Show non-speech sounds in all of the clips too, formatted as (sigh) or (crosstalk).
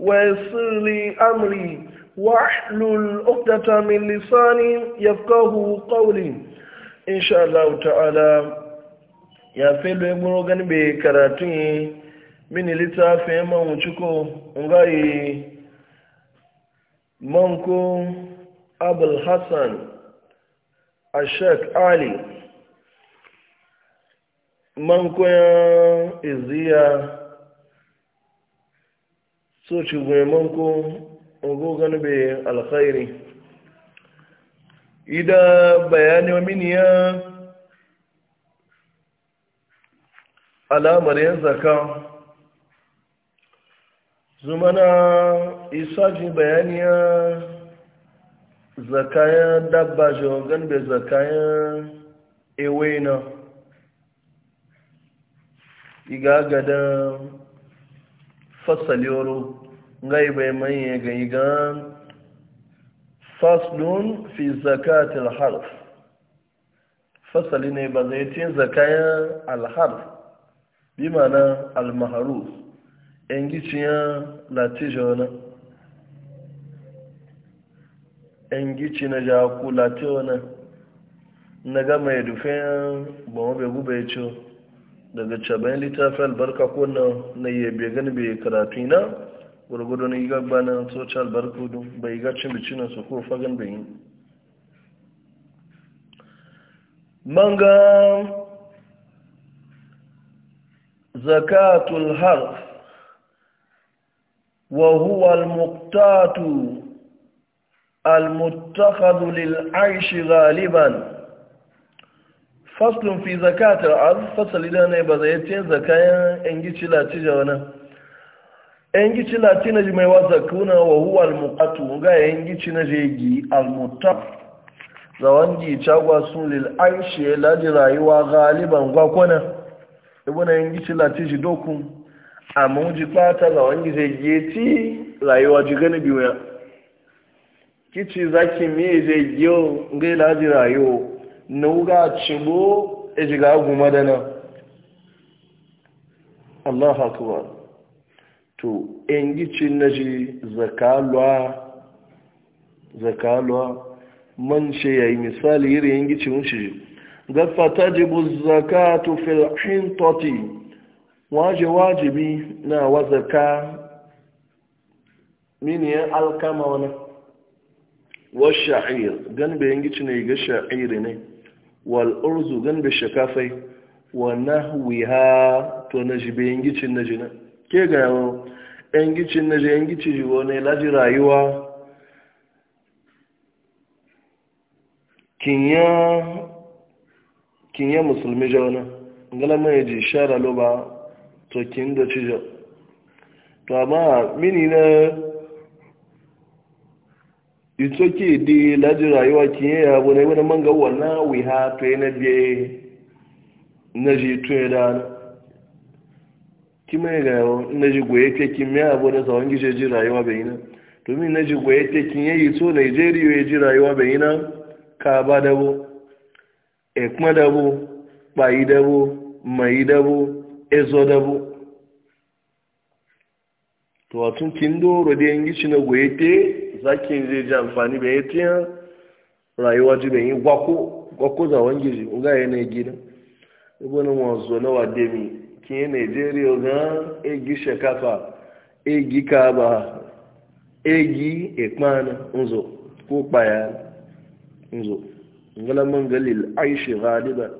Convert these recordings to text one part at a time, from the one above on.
ويسلي أمري واحلل عقدة من لساني يفقه قولي إن شاء الله تعالى يا فيلو غني بكراتي من لتافي وشكو غاي منكو أبو الحسن الشيخ علي منكو يا إزيا so ci gwiman ko ogogon bai alkhairi ida bayani wa miniya alamar yin zaka zumana isaji ya zakayan dabba shogun bai zakayan ewe na fasali fasaliyoro ngai bai manye gani gan faslun fi zakatil harf fasali ne ba zai cin zakayen alharf bi mana almaharuf yan giciyar latijona yan gici na jaku latijona na gama ya dufayen daga caban littafin barka ko na yabe gani bai karatu na gwargwado na iga gbana social barkudu bai ga cin bicinan su ko fagen yi. manga zakatul harf wa huwa al-muqtatu al-muttakhadhu lil-aish ghaliban faslun fi zakatil arz fasali da ne ba zai ce zakayan yan gici lati jawana yangici latina ji mai wasa kuna wa huwa almuqatu ga yangici na jegi almuttaf zawangi chagwa sun lil aishi laji rayuwa galiban gwakwana ibuna yangici latiji dokun a ji fata zawangi jegi ti rayuwa ji gani biya kici zaki me jegi ngai laji rayuwa nuga chibo ejiga guma dana Allahu to engicin na ji zakalwa man ce ya yi misali yiri engicin wuce gafa ta jibu to filhin toti waje wajibi na wazaka miniyan alkama wani washa'ir ganbe yangici ne ga sha'ir ne wal'urzu ganbe shakafai wa ha to na jibe yangicin na jina ke gaya yawon ‘yan na je ‘yan laji rayuwa kinye musulmi jauna galama ya ji shara loba to kin do cijo to ama mini na itoki di laji rayuwa kinye ya abu ne wani manga wannan wiha to yana biye na ji to ya dana kima ga gawo na ji goye tekin ya abu da tsawon gishe ji rayuwa bai nan domin na ji goye tekin ya yi so nigeria ya ji rayuwa bai nan ka ba dabo e dabo bayi dabo mai dabo ezo dabo to a tun kin doro da yanki na goye te za ki je ji amfani bai tiya rayuwa ji bai yi gwako gwako zawon gishi ga yanayi gidan ibonin wanzu na wa demi ke nigeria gan egi shekafa egi kaba egi ikpana nzo ko kpaya nzo ngala mangalil aishi ghaliban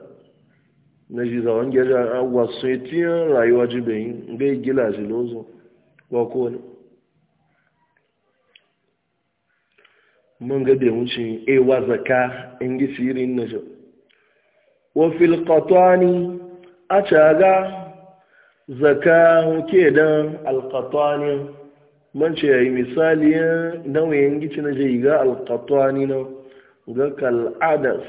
na ji zawon gyaja a wasu etiyan rayuwa jibeyin ga igila shi lozo wako ne mun ga e da wuce ewa zaka in gisirin na shi wafil katwani a caga zaka ke dan alkatani man ce ya yi misali ya nauyin gici na je ga alkatani na ga kal'adas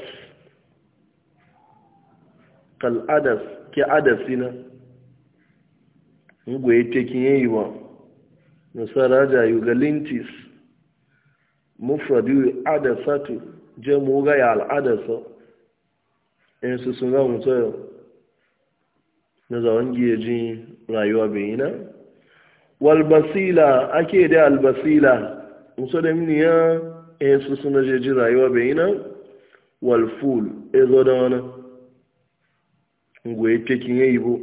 kal'adas ke adasi na ngwaye tekin yayi wa nasara ja yi ga lintis adasatu je mu ga ya al'adasa in su sun ga mutu na zawangiye ji rayuwa bai yi na walbasila ake da albasila musu da mini ya e su suna jeji ji rayuwa bai yi na walful ya eh, zo da wani ngwe tekin ya yi bu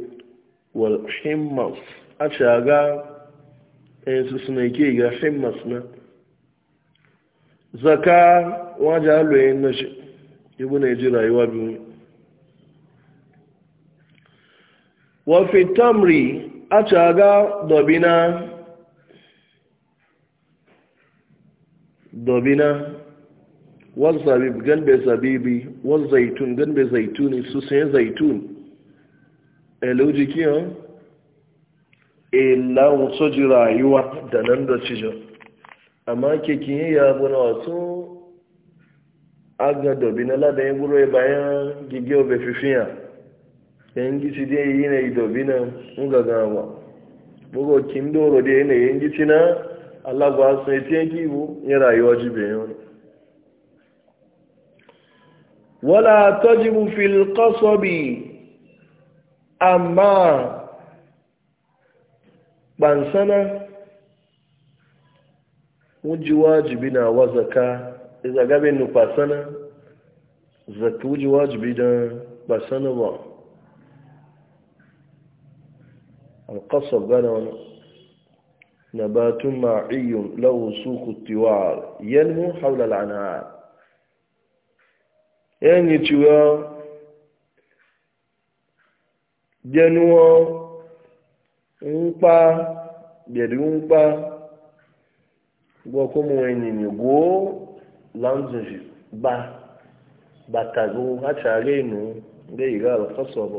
walhimmas a shaga e eh, su suna ke ga himmas na zaka wajen haloyin na shi ibu na ji rayuwa biyu wafi tamri a caga dobina dobina wal zabib ganbe zabibi wal zaitun ganbe zaituni su sai zaitun eloji kiyan ilahun e soji rayuwa da nan da cijo amma kekin yi ya abu na wasu aga dobina ladayin guro bayan gigiyar befifiyan yangici dai yanayi dobina muga gama muga kin doro dai yanayi yangici na allah ba su ne tiyan kibu ya rayuwa jibe yau wala tajibu fil qasabi amma bansana wuji wajibi na wa zaka iza e gabe nukwa zaka wuji wajibi da basana ba القصب قالوا نبات معي له سوق التوار ينمو حول العناء يعني تشوى جنوى نقا بيرنقا وكم وين يقو لانزج با باتagó hacharenu ngeiga alqasaba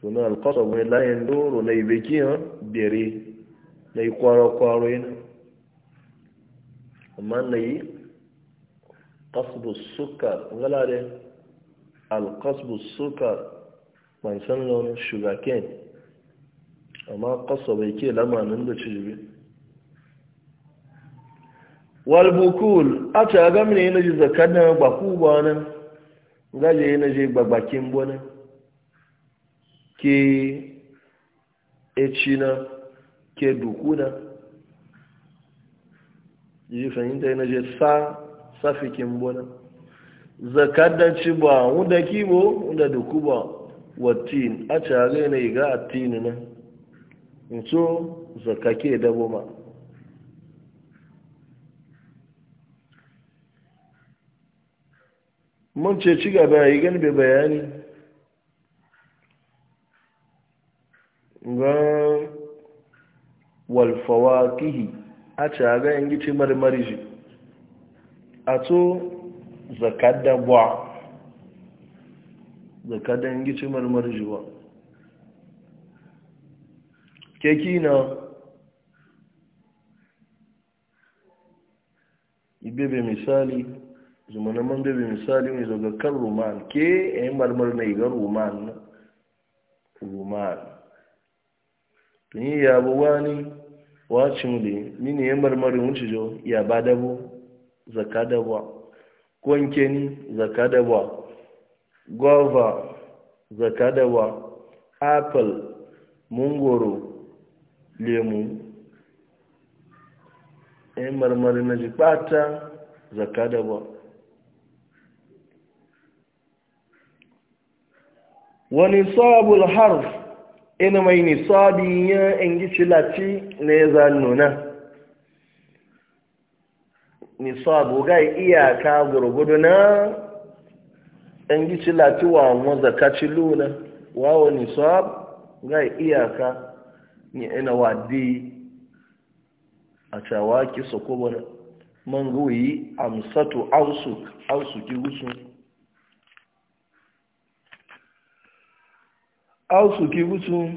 tuna alkọsọ bụ layin doro na ibeki ha bere na ikwaro-kwaro yana amma na yi kasbu sukar ngalade alkasbu sukar mansan shuga sugarcane amma kasa bai ke lamanin da cijibi walbukul a ta gami ne na ji zakar na baku ba gaje gaje na gbagbakin gbabakin bonan ke na ke na. ji fahimta yana je sa safikin bona zakadanci ba wunda kibo wunda duku ba watin a cagaya na iga a tini na nso zakake dabo ma mun ce ci gaba yi gani bai bayani ga kihi a ce a ga yanki ci marmari shi a to zakadda ba zakadda yanki ci marmari shi ba keki na ibebe misali zumanin man bebe misali mai zagakan roman ke yayin eh, marmari na igar roman roman tuni ya buwani wani chimudi mini yambar mari wuce jo ya badabu zakadabu zaka dabo kwankeni zaka dabo apple mungoro lemu yambar mari na jipata zakadabu wa nisabu wani harf ina mai nisabi ya ingi cilaci na ya zannuna nisabu ga iyaka gurgudu na ingi cilaci wa mazaka ciluna wawo nisab ga iyaka ni ina wadi a cawaki sokobar man guyi amsatu ausu ausu ki wusu. ausuki gutu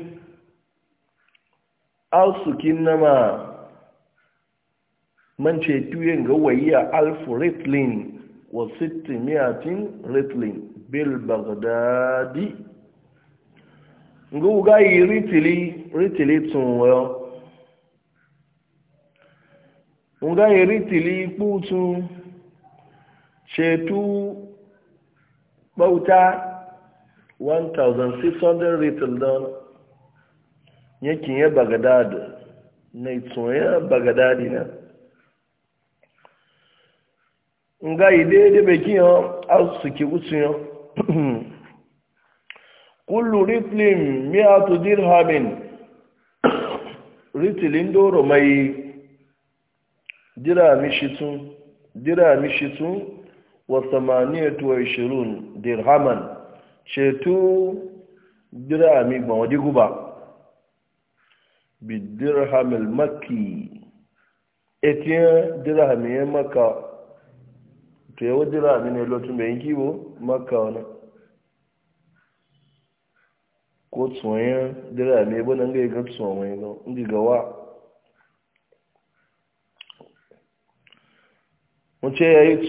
ausuki nama man ce nga ga wayya alfu ritlin wa miyatin ritlin bil bagdadi ga yi ritili ritili tun wayo nga yi ritili kputun cetu bauta 1600 ritil don yankin ya bagadad na ya bagadadi na nga idede bekin yo asuki gutsun yo (clears throat) kullu ritlin mi'atu dirhamin ritilin doro mai dirami shitun dirami shitun wa 28 dirhaman Chetu dirhami ba wadi guba bidirhamil maki etiyan dirhami ya maka to yawa dirhami ne lotun bayan maka wani ko tsoyen dirhami ya bunan ga igar tsoyen ga gigawa wace ya yi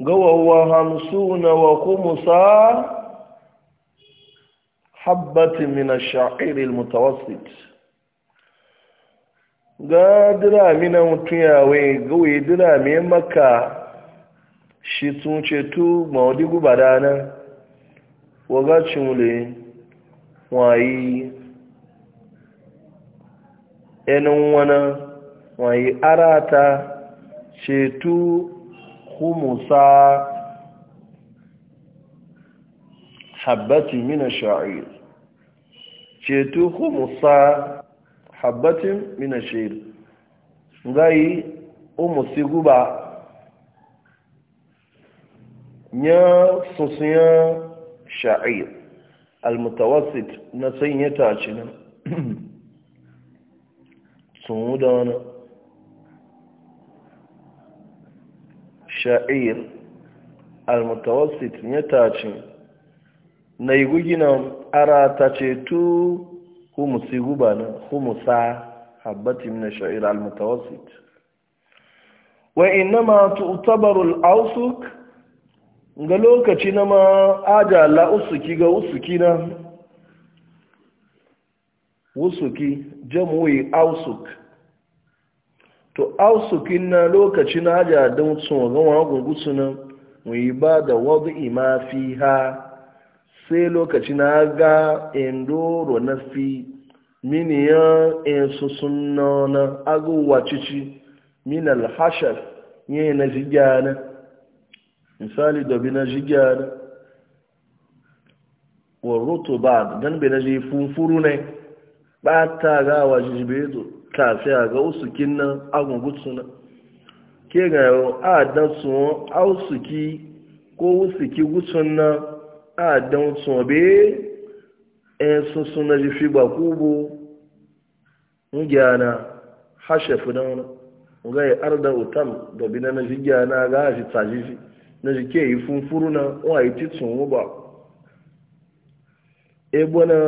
gawawa hamsuna wa kumusa habbatin min ash-sha'ir al-mutawassit ga dirami na mutuyawe gawe dirami maka shi tun ceto maudi gubadana waga cimule wayi enin wana wayi arata ceto خمسة حبة من الشعير جيتو خمسة حبة من الشعير غاي أمسي سيغوبا نيا سوسيا شعير المتوسط نسيني تاجنا (coughs) سودانا sha'ir al ya tace na yi guginan ara ta ce tu humusi guba na humusa habbatin na sha'ir almutawassit wa innama tu'tabaru al-awsuk ga lokaci na ma aja la usuki ga usuki na usuki jam'i ausuk to ausukin na lokaci na aja don tsoron wa gungusu nan yi ba da wadda ima fi ha sai lokaci na ga indoro na fi miniyan insu suna na agowa cici minal hashar yi na jigya misali dobi na jigya na wa roto ba don bi na ji funfuru ne ba ta gawa jijibe kafin a ga usukin nan agungutsu na ke ga yau a dan sun ausuki ko usuki gutsun nan a dan sun be en sun sun na jifi ba kubo ngyana hashefu na wani nga yi arda utam da bi na jigiya na ga shi tajifi na jike yi funfuru na wa yi titun ba ebo na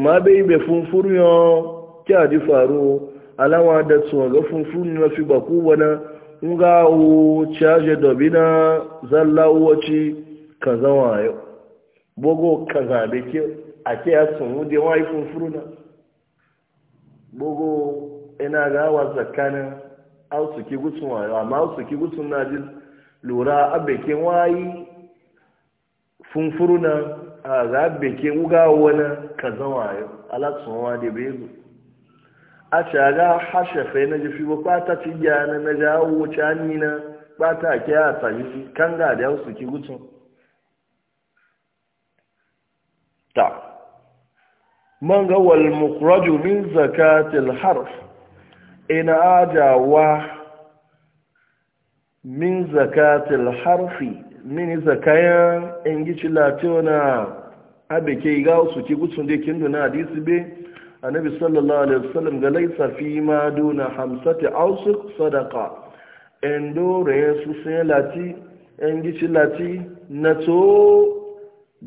ma be ibe funfuru yon kya di faru alawa da tsoga funfun na fi baku wani ngawo wo caje dobi na ka zama yau bogo ka zabe ke a ke ya sun wude wani funfun na bogo ina gawa tsakanin ausu ki gutsun wayo amma ausu ki gutsun na jin lura abekin wayi funfuruna a ga abekin ugawa wani ka zama yau alatsun wa da bezu a shaga hashafe na jifi ba kwata ci gyana na na jawo cani na ba kwata ke a tabi kan ga da su ki gutsun ta man ga wal mukraju min zakatil harf ina ajawa min zakatil harfi min zakayan in gici latona abike ga su ki gutsun da kinduna duna hadisi be annabi sallallahu alaihi wasallam ga laisa fi ma duna hamsati ausuk sadaqa endo resu selati engi se na to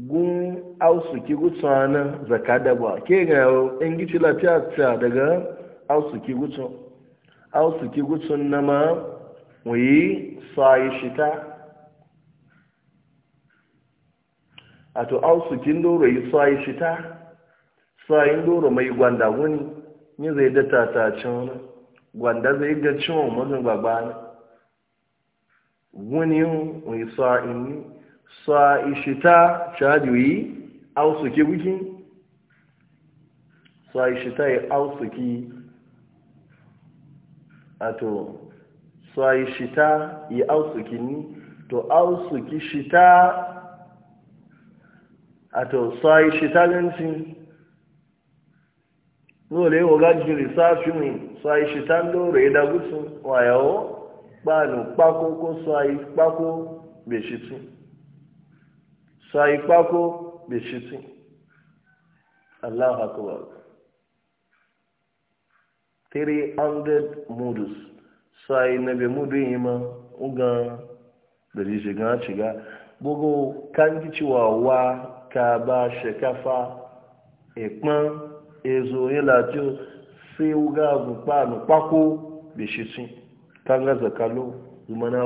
gun ausuki gutsana zakada ba ke ga engi gici atsa daga ausuki gutso ausuki gutsun na ma wuyi sai shita ato ausukin do re sai shita sayin doro mai gwanda wuni ni zai da tatacin wani gwanda zai ga ciwon mazin ne wuni mai sa'in ni sa'ishita cajiyoyi ausuki wiki sa'ishita yi ausuki a to sa'ishita yi ausuki ni to ausuki shita a to shita gancin dole yau ga jiri safi ne su a yi shitan doro ya dagutu wayawo gbanu kpako ko su a yi kpako beshiti su a kpako beshiti allah akubar 300 mudus su a yi nabe mudu yi ma ugan da jijigan shiga gbogbo kan gici wa wa ka ba shekafa ikpon ezo ya lati sai wuga gukpa no pako be shitin kanga zakalo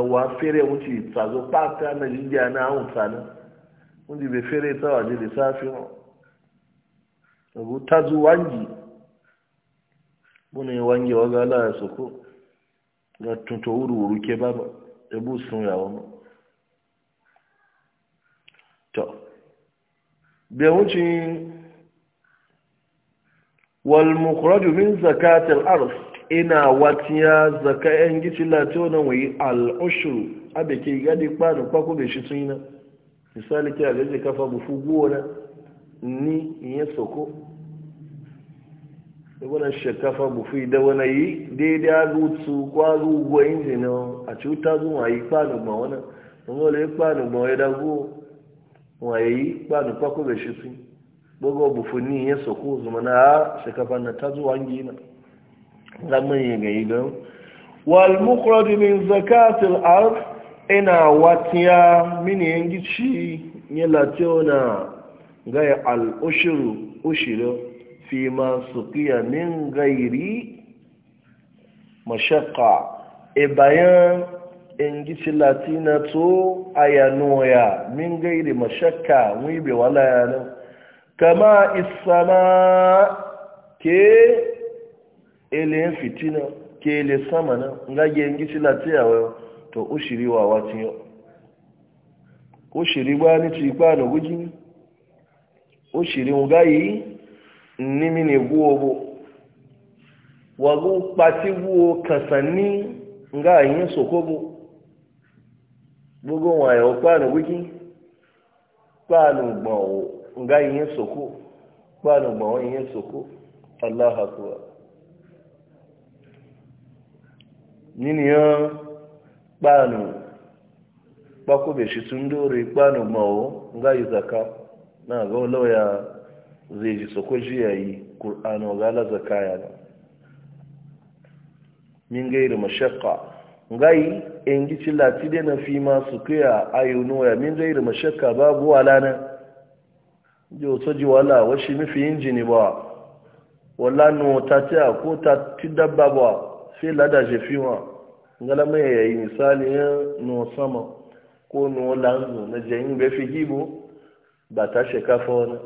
wa fere wuce tsazo pata na jiya na hun tsana be fere tsawa je lissafi no abu tazu wangi bune wangi waga la ya ga tunto wuru wuru ke baba ebu sun yawo no to be walmukhraju min zakatil arz ina watiya zaka yan gici lati na wayi al abe ke gadi kpanu kwako be shi tuna misali ke agaje kafa bufu na ni iye soko da wani shakafa bufu da wani yi daidai agutu kwaru ugbo injini a cuta zuwa yi kpanu ma wana wani wale kpanu ma wani dago wayi kpanu kwako be shi buga bufuni ya soko zuma na shakafa na ta zuwa gina zaman yi ga yi wal mukhraj min zakat al ina watiya min yangici ya lationa ga al ushru fi ma suqiya min gairi mashaka e bayan yangici latina to ayanoya min gairi mashakka wibe wala yana kama isama ke ele fitina ke ele sama na nga yengi sila ti awo to ushiri wa wati yo ushiri gba ni ti pa no guji ushiri nga yi nimi ni guo bo wagu pati guo kasani nga yin sokobo gbogbo wọn ayọ̀ páànù wíkí páànù gbọ̀n nga yin soko ba na gbawon yin soko allah hakuwa yan kpanu kpakobe shi tun dore kpanu mawo nga yi zaka na ga lauya zai ji soko ji ya yi ƙur'anu ga la zaka ya na min gairi mashakka ngai engi ci lati de na fi ma su kuya ayu ya min gairi mashakka babu wala na yóò tó ji wala, wa shi mí eh, fi ẹ́ńjìnì ta wọ́n lánà tàtí ta tàtí dábà bọ̀ fi ládàjẹ fi wọn ngálámẹ́ ẹ̀yẹ ìmísàlì yẹn nù sánmọ̀ kó nù ọ́ lánàá nàjẹ́ yín bẹ́ẹ̀ fi yíbo bàtà ṣẹ̀ká fọ́ọ́nà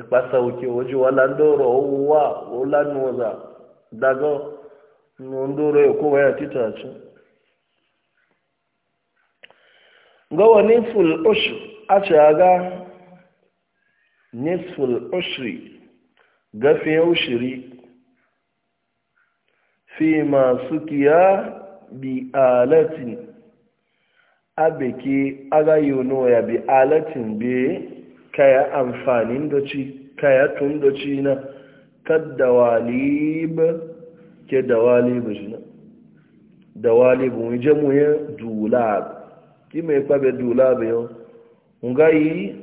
ìpàṣà òkè wọ́n jí wàhálà ńdọ̀rọ̀ owó wà wọ́n lánà ọ̀dà dàgọ́ nù ńdọ̀rọ̀ ya wáyà títà àtún. gọ́wọ́ ní fúlù oṣù àṣà ga. nisful ushri gafe ushiri fi masu kiya bi alatin abeki agayono ya bi alatin be kaya amfanin doci kaya tun doci na kaddawalib ke dawalib jina dawalib mu je mu ya dulab ki me kwabe dulab yo ngai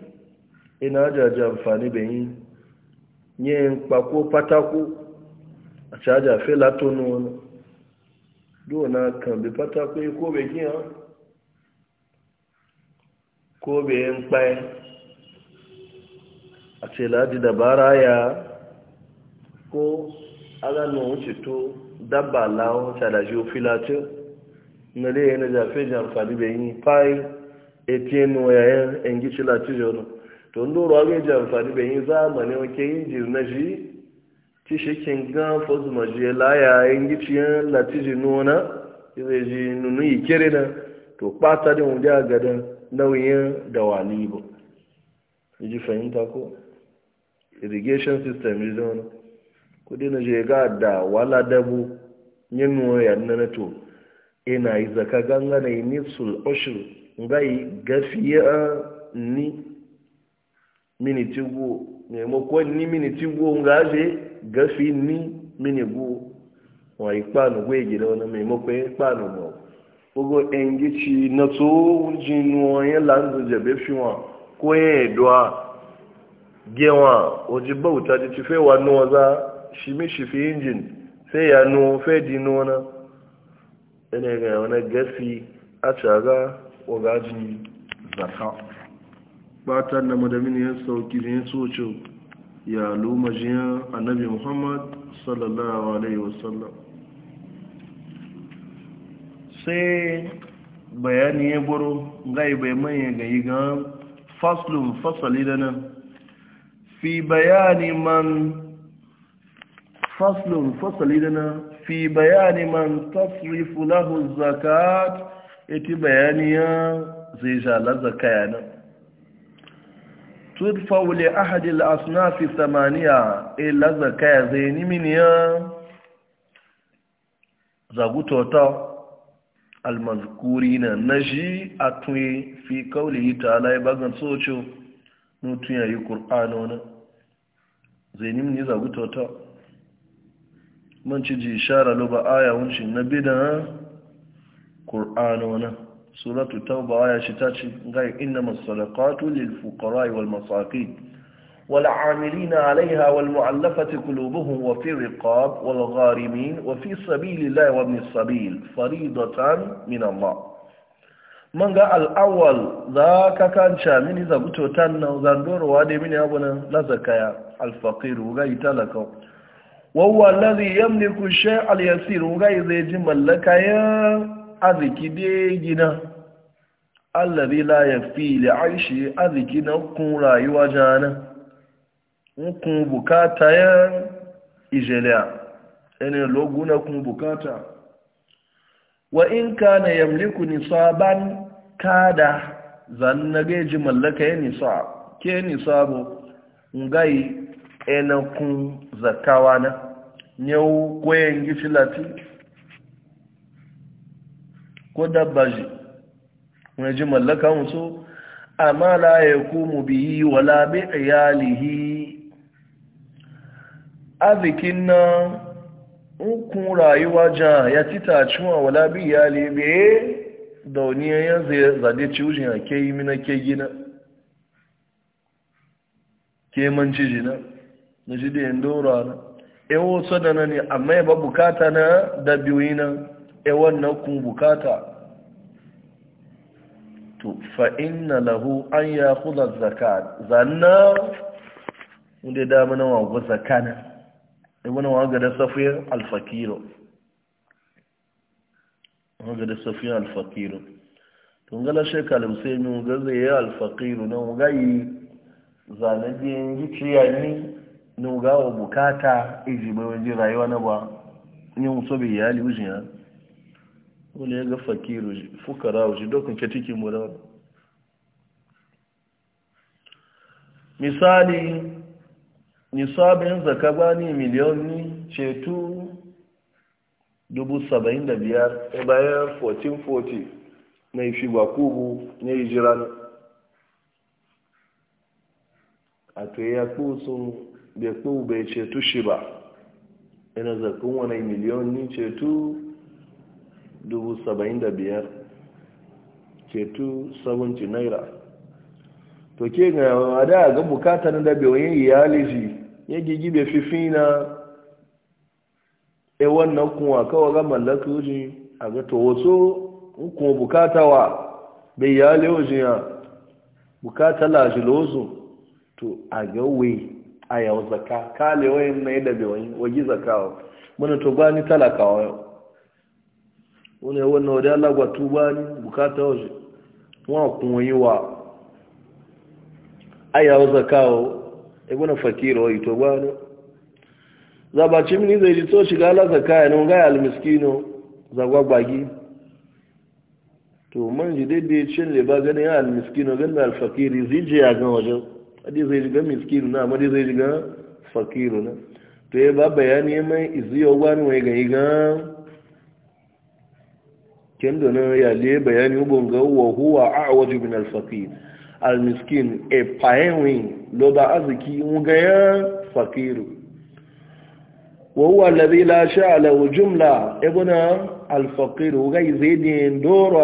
ina ajaji amfani bayi yin kpako patako a caja fela tonu wani dona kan bi patako ko bai gina ko bai yin kpaye a ce ladi dabara ya ko aganu wuce to dabba lawon cadashi ofilatin na dai yana jafe jamfani bayi fayi etienu yayin engici lati jono to ndo ruwa ga ji amfani bụ yi zamani wake yin na ji ti shekin gan fozu maji laya yin giciyan latiji nuna na ji nunu yi kere na to kpata da wunde a gadan nauyin da wali iji ji fahimta ko irrigation system ji zama kudi na je ga da wala dabu yin nuwa yadda na to ina e izaka zaka gangana yi nisul oshir ngai gafiya ni miniti guo ko ni miniti guo nga je gafi ni mini guo wa ikpanu gwe gida wani maimakon ikpanu ba ogo engici na to jinu onye lanzu jabe fi wa ko ya edwa gewa oji bauta ji ci fewa nuwa za shi fi injin sai ya nu fe di nuwa na ina ga wani gafi a caga wa gaji zaka fatan na madamin ya sauki ne soco ya lumajiyar annabi muhammad sallallahu alaihi wasallam sai bayani ya buru gai bai manya gayi ga faslun fasali da nan fi bayani man faslun fasali da nan fi bayani man tasrifu lahu zakat iti bayani ya zai shalar zakaya nan tudfa wule ahadil fi samaniya e lazaka ya zai ni ya zagutota almazkuri na shi a tuni fi yi ta alayi e bagan socho nutun yayi ƙur'ano na zai nimini zagutota man ci ji shara lo ba aya wuncin na bidan ƙur'ano na سورة التوبة آية شتاتش غير إنما الصدقات للفقراء والمساكين والعاملين عليها والمعلفة قلوبهم وفي الرقاب والغارمين وفي سبيل الله وابن السبيل فريضة من الله من قال الأول ذاك كان شامين إذا قلت تنى وذندور وادي من أبونا زكاة الفقير وغيت لك وهو الذي يملك الشيء اليسير وغير يجمل جمال يا arziki dai gina allazi la fili aishi aziki na kun rayuwa jana kun bukata ya ijeliya ene loguna kun bukata wa in kana yamliku nisaban kada zannage ji mallaka ya nisab ke nisabu ngai ena kun zakawana nyau kwen gifilati ko dabba shi wani ji mallaka musu amma la ya kumu biyi wala bi iyalihi arzikin na hukun rayuwa jan ya tita cewa wala bi iyali mai da wani yanzu zade ciwujin a ke yi mina ke gina ke manci jina na ji da yin dora na ewo sadana ne amma ya ba bukata na dabiwi na ewon na kun bukata to fa inna lahu an ya kula zakat zanna wanda dama nawa wago zakana ya wani wa gada safiyar alfakiro waga gada safiyar alfakiro tun gala shekar musaimi ga zai yi alfakiro na wugayi zanajen yi ciyayi, na wugawa bukata bai wajen rayuwa na ba yin so bai yi hali wani ya ga fakiru fukara shi dokun ke cikin mura misali nisabin zaka bani miliyon ni ceto 75,000 e bayan 1440 na ifi kubu na ijiran a to ya kusun da kubu bai ceto shi ba ina zakon wani miliyon ni ceto 75,000 tu 70 naira to ke ga da ga bukatar da bewayin iyali shi ya fi na e wannan kuwa kawai ga mallaka shi a ga to wasu kuma bukata wa bai iyali wajen ya bukata lozu to a ga wai a yau zaka kalewayin na yi da bewayin wagi zakawa muna to gani talakawa yau wani yawon na ba ni bukata waje wọn kun yi wa ayawo zakawo ibina fakira wa ito ba ni zabaci mini zai ji to shiga ala zakaya ne ga almiskino zagwagbagi to man ji daidai cin leba ganin ya almiskino ganin alfakiri zijiya gan wajen adi zai ji ga miskino na amma dai ga fakiru na to ya ba kendo na ya le bayani ubon ga wa huwa a'waju min al-faqir al-miskin e paewi lo da aziki unga ya faqir wa huwa alladhi la sha'ala jumla ibna al-faqir uga izidi ndoro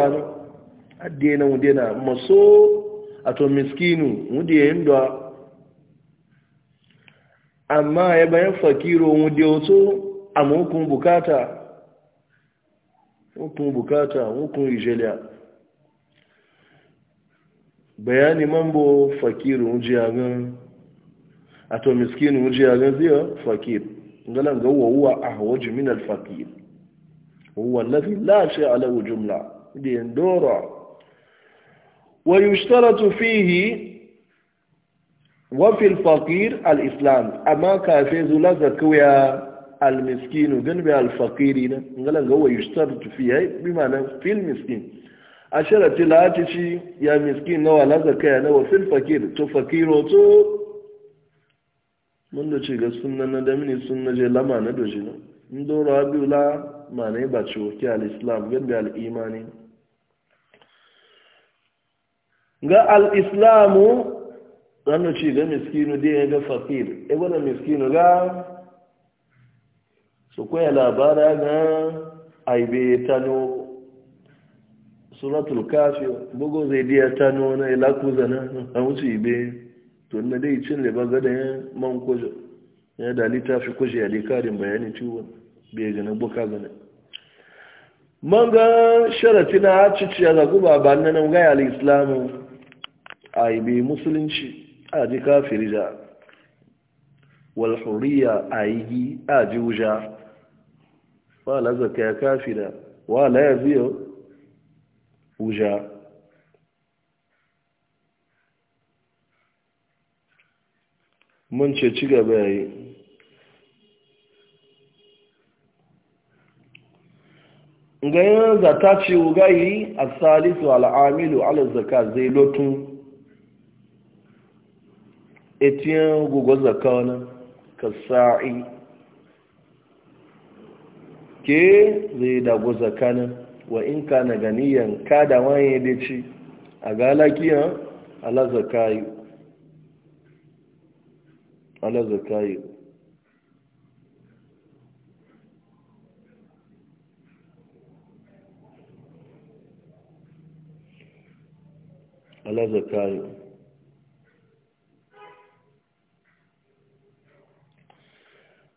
adena udena maso ato miskinu mudi ndwa amma ya bayan fakiru mudi oto amokun bukata hukun bukata hukun ijeliya bayani mambo fakiru ujiya agan ato miskini ujiya agan ziyo fakir ngala nga huwa huwa ahwaju min alfakir huwa alladhi la shay'a lahu jumla ndiye ndora wa yushtaratu fihi wa fi al alislam ama ka fi zulaza kuya almiskinu gan bi alfaqiri na ngala ga wa yushtartu fi ay bi ma'ana fil miskin ashara tilati shi ya miskin na wala zakaya na wa fil fakir to fakiro to mun da ce ga sunna na da mini sunna je lama na doji na ndoro abula ma'ana ba ci wa al-islam gan bi al-imani ga al-islamu dan ci ga miskinu dai ga fakir e wannan miskinu ga su kwaya labara na aibe tano suratul kafi bugu zai diya tano na ilakuza na a wuce ibe to na dai cin liba gada ya man kujo ya da fi kuje ya likarin bayani ciwon biya gana buka gana man ga sharafi na cici ya zagu ba na nan gaya al'islamu aibe musulunci a ji kafirja wal hurriya a yi aji wuja wala zaka ya kafira wala ya ziyo uja mun ce ci gaba yayi ganin zata ce ugayi a salisu al'amilu ala zaka zai lotun etiyan gugu zaka wani ka ke zai dago zakanin wa in ka na ganiyan ka da wani da ci a galakiyan alazakayu alazakayi alazakayu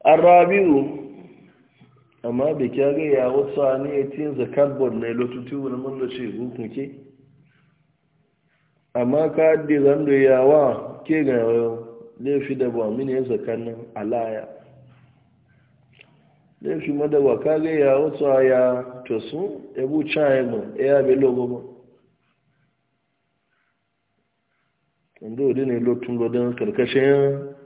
الرابع amma bai kyara ya wasu ne ya ce zakar mai lotutu wani manda ce hukun ke amma ka haɗe zando yawa ke ga laifi da ba mini ya zakar nan alaya laifi madawa ka ga ya wasu ya to sun ebu caye ma ya bai logo ma wanda wadi ne lotun lodon karkashin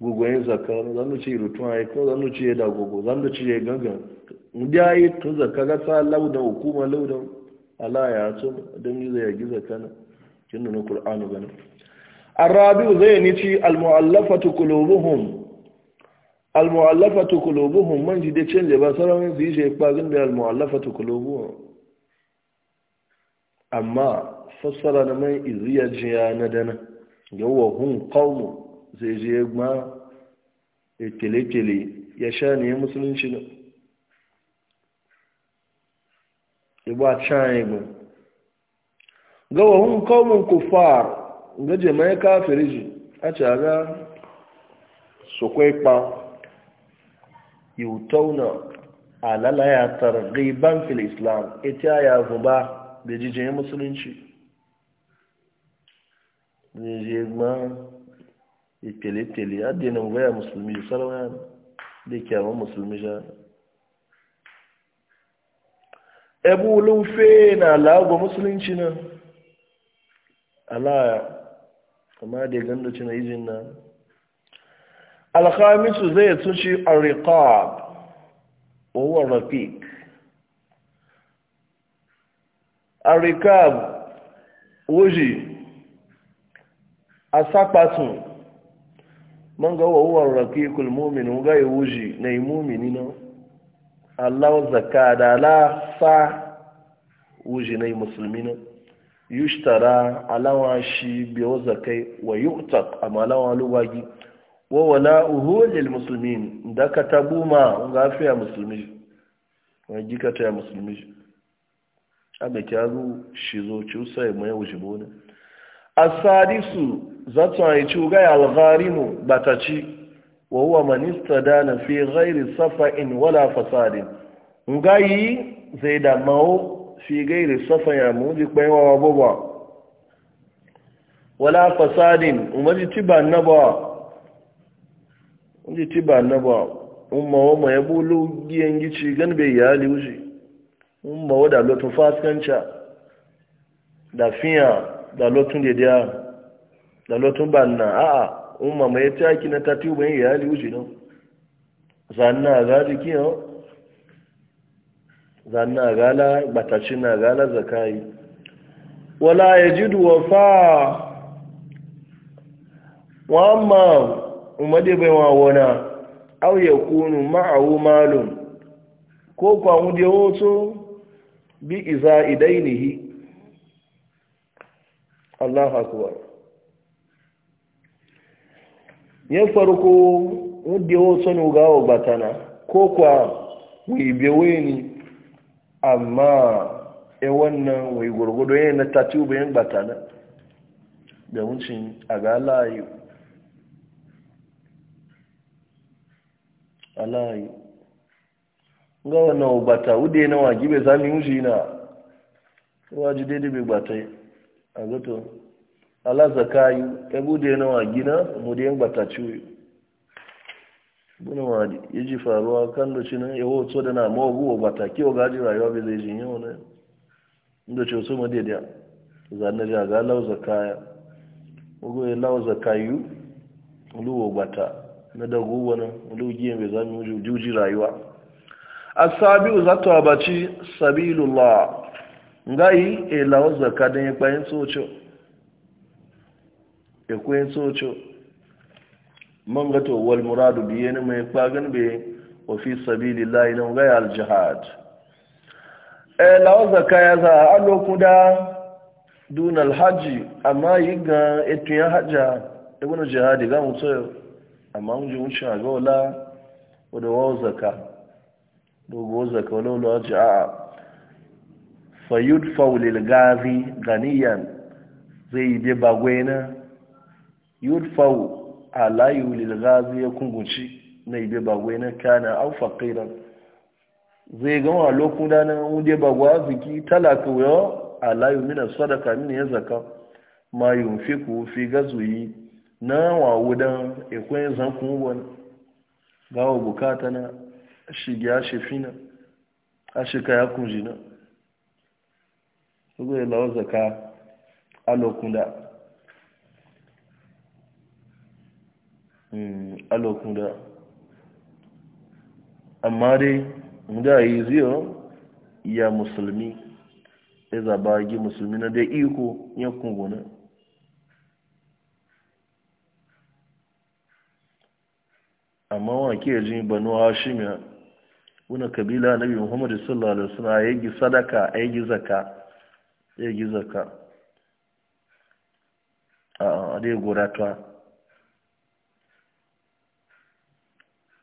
gogoyin zaka wani zanu ce rutun a yakin zanu ce ya dagogo zanu ce ya gangan inda yi tun zaka ga sa laudan hukuma laudan ala ya so don yi zai yagi zaka na kin nuna qur'anu gani arabi zai ni ci almu'allafatu qulubuhum almu'allafatu qulubuhum man ji da canje ba sarawin su yi shi kwagin da almu'allafatu qulubuhum amma fassara na mai iziya jiya na dana yawwa hun qawmu zai je ma ekele-kele ya sha ne ya musulunci na igba a can egwu ga wahun kawun kufar ga jama'a kafiri ji a caga su kwaikpa yutauna alala ya targiban fil islam ita ya zuba da jijiyar musulunci zai je ipele-pele addinin gaya musulmi sarwaya da kyawun musulmi ja ebu lufe na lagu musulunci nan alaya amma da gando ci na izin nan alhamisu zai tún a riqab owó rafik a riqab man ga wa huwa rafiqul mu'min ga yuji na mu'mini no Allah zakka da la fa wuji na musulmi no yushtara alawa shi bi zakai wa yu'taq amalawa luwagi wa wala wala'uhu lil muslimin da ka tabuma ga fiya musulmi wa jikata ya musulmi abe kyaru shi zo ci sai mai wuji bonin asadisu zato a yi cuga ya algharimu bataci wa huwa manista da na fi gairi safa'in wala fasadin ngayi zai da mawo fi gairi safa ya muji kwaiwa wa wala fasadin umarji tiba na ba umarji tiba na ba umarwa ma ya bulu giyan gici gan bai yi hali wuce umarwa da lotun faskanca da fiya da lotun da dia da lotun banna a a umma mai ta ki na ta tuba yin yali uji no zanna ga jiki no zanna gala batacin na gala zakai wala yajidu wafa wa amma umade bai wa wona aw yakunu ma'ahu malun ko kwa mu de woto bi iza idainihi Allah akbar ya farko wadda yawon sanu gawo batana ko kwa wibewe ni amma e wannan wai gurgudu yin na tatubu yin batana da wuncin a ga alayu alayu layu na wubata, bata yana na wajibe zami wuce na wajide da bai bata yi a goto ala zakayu ebu da yana wagina gina mu da yan bata ciwo buna ma ya ji faruwa kan da cinan ya so da na mawagu wa bata kiwa gaji rayuwa bai zai jin yau ne inda ce wasu madaidai zanen ga lau zakaya ugo ya lau zakayu luwa bata na dago wani lugiyan bai zami juji rayuwa asabi za ta baci sabilullah ngayi ela ụzọ ka dị ekpentị ụchụ ekwentị ụchụ man gato wal muradu biye ne mai kwagan be wa fi sabilillahi nan ga aljihad jihad e lawo ya za a lokuda dun alhaji haji amma yiga etu ya haja ibn jihad ga mutu amma mun ji mun ci ga wala wa da wawo zaka dogo zaka wala wala fayud lilgazi gazi ganiyan zai yi bagwena yud faul alayu lil gazi ya kungunci na yi bagwena kana au faqiran zai gama lokun na wunde bagwa ziki talaka yo alayu mina sadaka min ya zaka ma yunfiku fi gazuyi na wa wudan ikwen zan kun wani gawo bukata na shigya shefina a shika ya kunjina gbogbo ìlọ ọ̀zọ̀ká alòkúndà alòkúndà amma dai da yi ziyo ya musulmi ya zaba gi musulmi na dai iko ya kungona amma wa ke jin banu hashimiya wani kabila nabi muhammadu sallallahu alaihi wasallam ya yi sadaka ya yi zaka ya gi zaka a dai guratuwa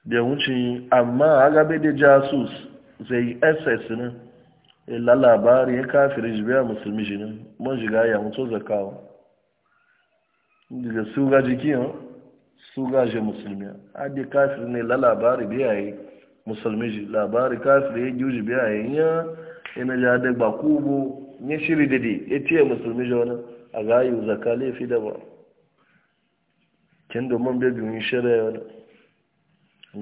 da wuce amma agabe da jasus zai ss ne ila labari ya kafirin jibiya musulmi shi ne man shiga ya mutu zakawa daga ga jiki su ga shi musulmi adi kafirin ne la labari biya yi musulmi shi labari kafirin ya giyu jibiya yi ya ina ja da gbakubu ya shiri di ya ce musulmi jona a gayu zaka laifi da ba kin domin bai gumi shirya wani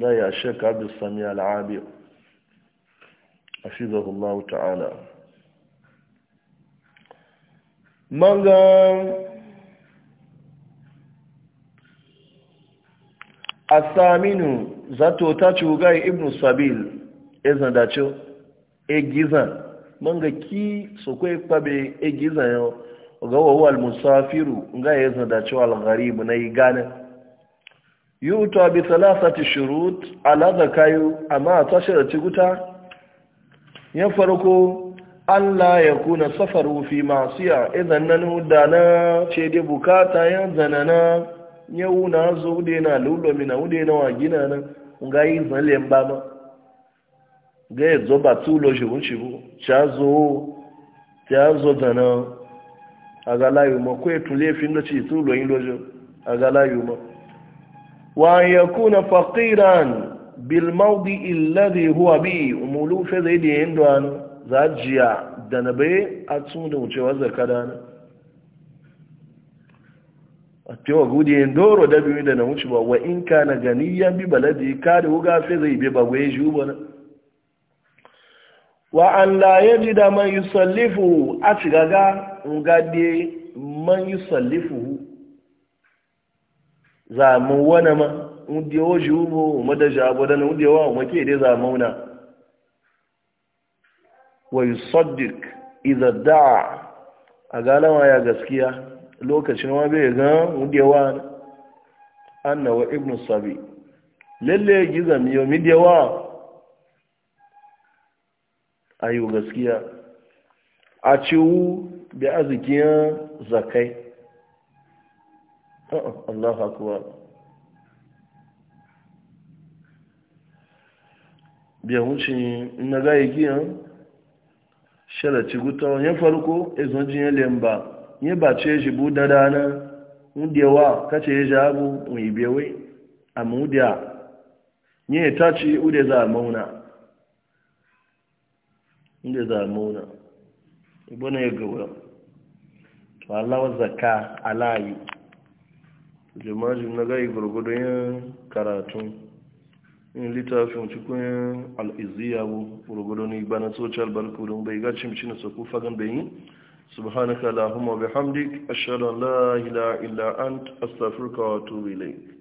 za ya shaka abu sami al'abi a shi zahullahu ta'ala manga Saminu zato ta cugayi ibn sabil izan dace gizan. manga ki su kai kwabe e giza yau ga wawo almusafiru ga ya da cewa na yi gane yuta bi salasati shurut ala zakayu amma ta da guta ya farko Allah ya kuna safaru fi masiya idan nan hudana ce dai bukata ya zanana yau na zo dai na lulumi na hude na wa gina nan ga yi zalen ba ma ga ya zo ba tulo shi wunci bu ta zo ta zo da nan a ga layu ma ko ya e tule fin da ci tulo yin lojo a ga ma wa an yakuna faqiran bil mawdi alladhi huwa bi umulu fa zai da yin duwan jiya da na bai a tun da wucewa zarka da na. a cewa gudu yin doro da biyu da na wuce ba wa in ka na gani ya bi baladi ka da wuga fa zai bi ba gwai shi ba wa an da yajida yi yusallifu a cigaga ngade man yusallifu za mu wana ma ndi oji ubo madaja abodan ndi wa make dai za mauna wa yusaddiq idza da'a a galawa ya gaskiya lokacin wa bai ga ndi wa anna wa ibnu sabi lalle gizam yo midiyawa ayo gaskiya a ciwu da arzikin zakai Allah akuwa biya wuce na gaya giyan sharaci guta e ya farko izonjin jiyan lemba ya bace shi buda dana wudewa kace ya jabu mai bewai a mudiya ya tace ude za a mauna inda zamuna ibana ya gawa to allawa zaka alayi jimajin na gai gurgudun yin karatun in littafin cikin al'iziya bu gurgudun bana social barkudun bai gacin cin su kufa gan bayi subhanaka lahumma bihamdik ashhadu an la ilaha illa ant astaghfiruka wa